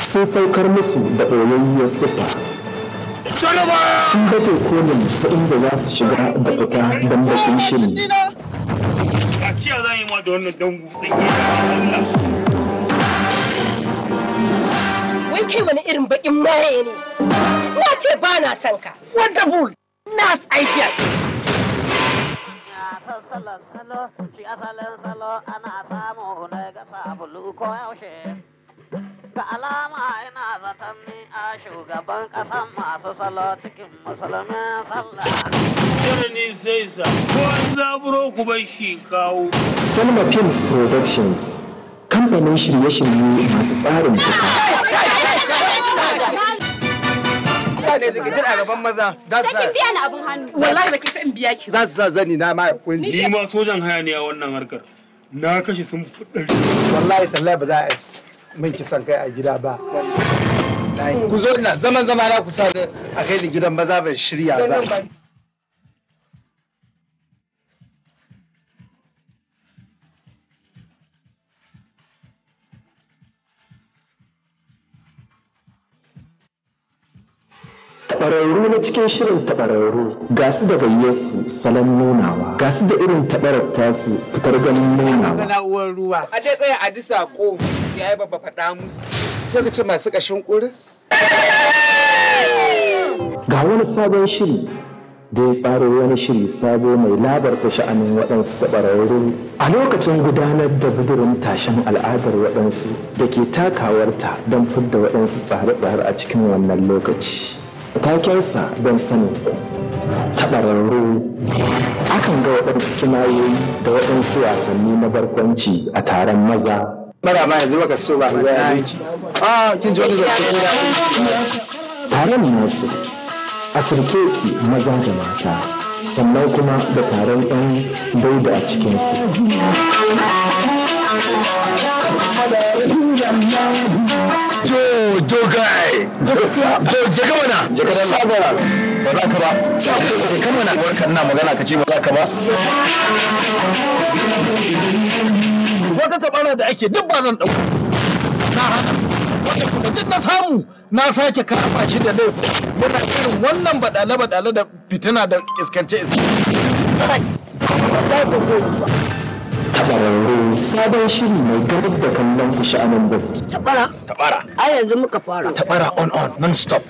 sun saukar musu da ɓoyayyar siffa. Sun baje kolin ta inda za su shiga da fita don bakin shiri. a ciya zan yi ma da wannan dangu zan yi da Wai kai wani irin baƙin maye ne? Na ce ba na son ka. Wonderful! Nas idea! salon salo, shi asalin salo ana samu daga sabulu ko yaushe. ga alama ina zaton ni a shugaban ƙasan masu salo cikin musulmin sallah. ni sai sa, ko an zaburo ku bar shi kawo. Salma Films Productions, kamfanin shirye-shirye masu tsarin fita. Za su na Ni ma sojan haya ne a wannan harkar. Na kashe sun Wallahi tallahi ba za a min kisan kai a gida ba ku zo ina zaman zama na kusa a kai da gidan maza ban shirya ba tabararru na cikin shirin tabararru ga su da gayyarsu salon nunawa ga su da irin tabarar tasu fitar ganin nunawa ga uwar ruwa a dai tsaya a ji sako ya yi babba faɗa musu sai ka ce masu ƙashin ƙuris ga wani sabon shiri da ya tsaro wani shiri sabo mai labarta sha'anin waɗansu tabararru a lokacin gudanar da budurin tashen al'adar waɗansu da ke takawarta don fidda waɗansu tsare-tsare a cikin wannan lokaci. takensa don sani tabararru akan ga waɗansu kinayoyi da waɗansu wasanni na barkwanci a taron maza bara ma yanzu baka so ba ga a ah, kin ji wani zance ko da taron nasu a ki maza da mata sannan kuma da taron ɗan dauda a cikinsu Dogaye, kai to je ka mana je ka sabara ba za ka ba je mana barka ina magana ka ce ba za ka ba wata tabara da ake duk ba zan dauka na hana wanda kuma duk na samu na sake kama shi da laifi. yana irin wannan badale badale da fitina da iskance iskance wallahi ba sai ba tabararru sabon shiri mai gabar da kallon ku nan gaske. Tabara? Tabara. A yanzu muka fara. Tabara on on non stop.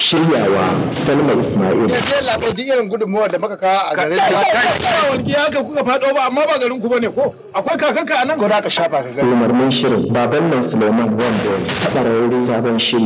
shiryawa salma ismail ya ce labadi irin gudunmawar da muka kawo a garin su kai walgi haka kuka faɗo ba amma ba garin ku bane ko akwai kakanka a nan gwada ka shafa ka gani umarnin shirin baban nan suleiman wanda ta taɓa sabon shiri